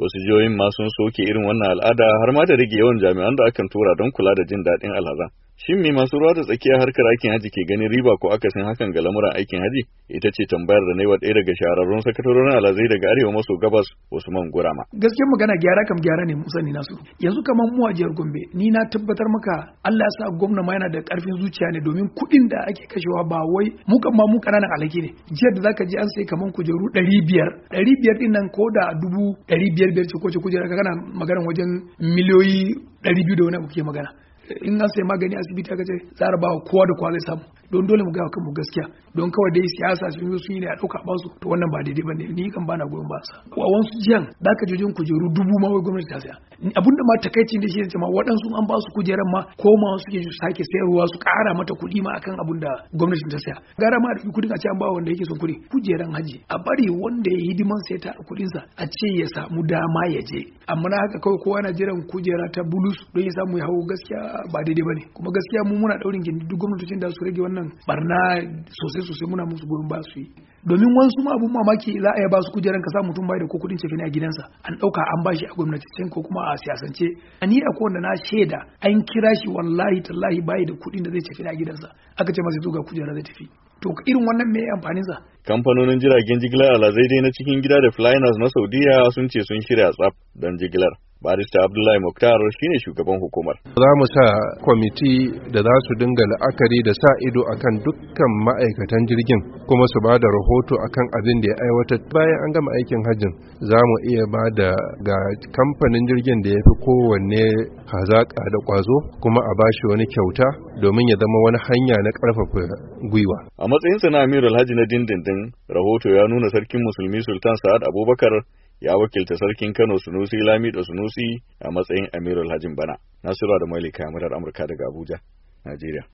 wasu jihohin ma sun soke irin wannan al'ada har ma da rage yawan jami'an da akan tura don kula da jin daɗin alhazan Shin me masu ruwa da tsakiya harkar aikin haji ke ganin riba ko aka san hakan ga lamuran aikin haji? Ita ce tambayar da na yi wa ɗaya daga shahararrun sakatarorin alazai daga arewa maso gabas Usman Gurama. Gaskiyar magana gyara kam gyara ne Musa ni nasu. Yanzu kamar mu a jihar Gombe ni na tabbatar maka Allah ya sa gwamna ma yana da ƙarfin zuciya ne domin kuɗin da ake kashewa ba wai mu kan ma mu ƙananan alaƙi ne. jiya da zaka je an sai kamar kujeru ɗari biyar. Ɗari biyar ɗin nan ko da dubu ɗari biyar biyar ce ko ce kujera kana maganar wajen miliyoyi ɗari biyu da wani abu ke magana. in an sai magani asibiti aka ce za a kowa da kowa zai samu don dole mu ga kanmu gaskiya don kawai dai siyasa sun yi sun yi ne a ɗauka ba su to wannan ba daidai ba ne ni kan bana goyon ba sa a wasu jiyan da aka jojin kujeru dubu ma wai gwamnati ta saya abin da ma takaici da shi ne jama'a. waɗansu an ba su kujeran ma komawa suke su sake sayarwa su ƙara mata kuɗi ma akan abin da gwamnati ta saya gara ma da kuɗin a ce an ba wanda yake son kuɗi kujeran haji a bari wanda ya yi hidiman sai ta kuɗinsa a ce ya samu dama ya je amma na haka kawai kowa na jiran kujera ta bulus don ya samu ya hau gaskiya ba daidai ba ne kuma gaskiya mu muna daurin gindi duk gwamnatocin da su rage wannan barna sosai sosai muna musu goyon ba su yi domin wasu ma abun mamaki za a yi ba su kujeran ka mutum bai da ko kudin ne a gidansa an dauka an bashi a gwamnatocin ko kuma a siyasance ni a kowanne na shaida an kira shi wallahi tallahi bai da kudin da zai ne a gidansa aka ce masa ga kujera zai tafi to irin wannan me amfanin sa kamfanonin jiragen jigilar alazai dai na cikin gida da flyers na saudiya sun ce sun shirya tsaf don jigilar barista abdullahi muktar shine shugaban hukumar za mu sa kwamiti da za su dinga la'akari da sa ido a kan dukkan ma'aikatan jirgin kuma su ba da rahoto akan abin da ya aiwata bayan an gama aikin hajjin za mu iya ba da ga kamfanin jirgin da ya fi kowanne hazaƙa da ƙwazo kuma a bashi wani kyauta domin ya zama wani hanya na ƙarfafa gwiwa a matsayinsa na amir alhaji na dindindin rahoto ya nuna sarkin musulmi sultan sa'ad abubakar ya wakilta sarkin Kano Sunusi Lamido Sunusi a matsayin Amirul Hajin Bana. Nasiru da Malika Yamurar Amurka daga Abuja, Najeriya.